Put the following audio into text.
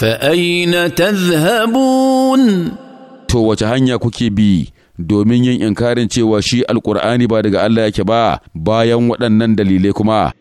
فأين تذهبون to wace hanya kuke bi domin yin inkarin cewa shi alkur'ani ba daga Allah yake ba bayan waɗannan dalilai kuma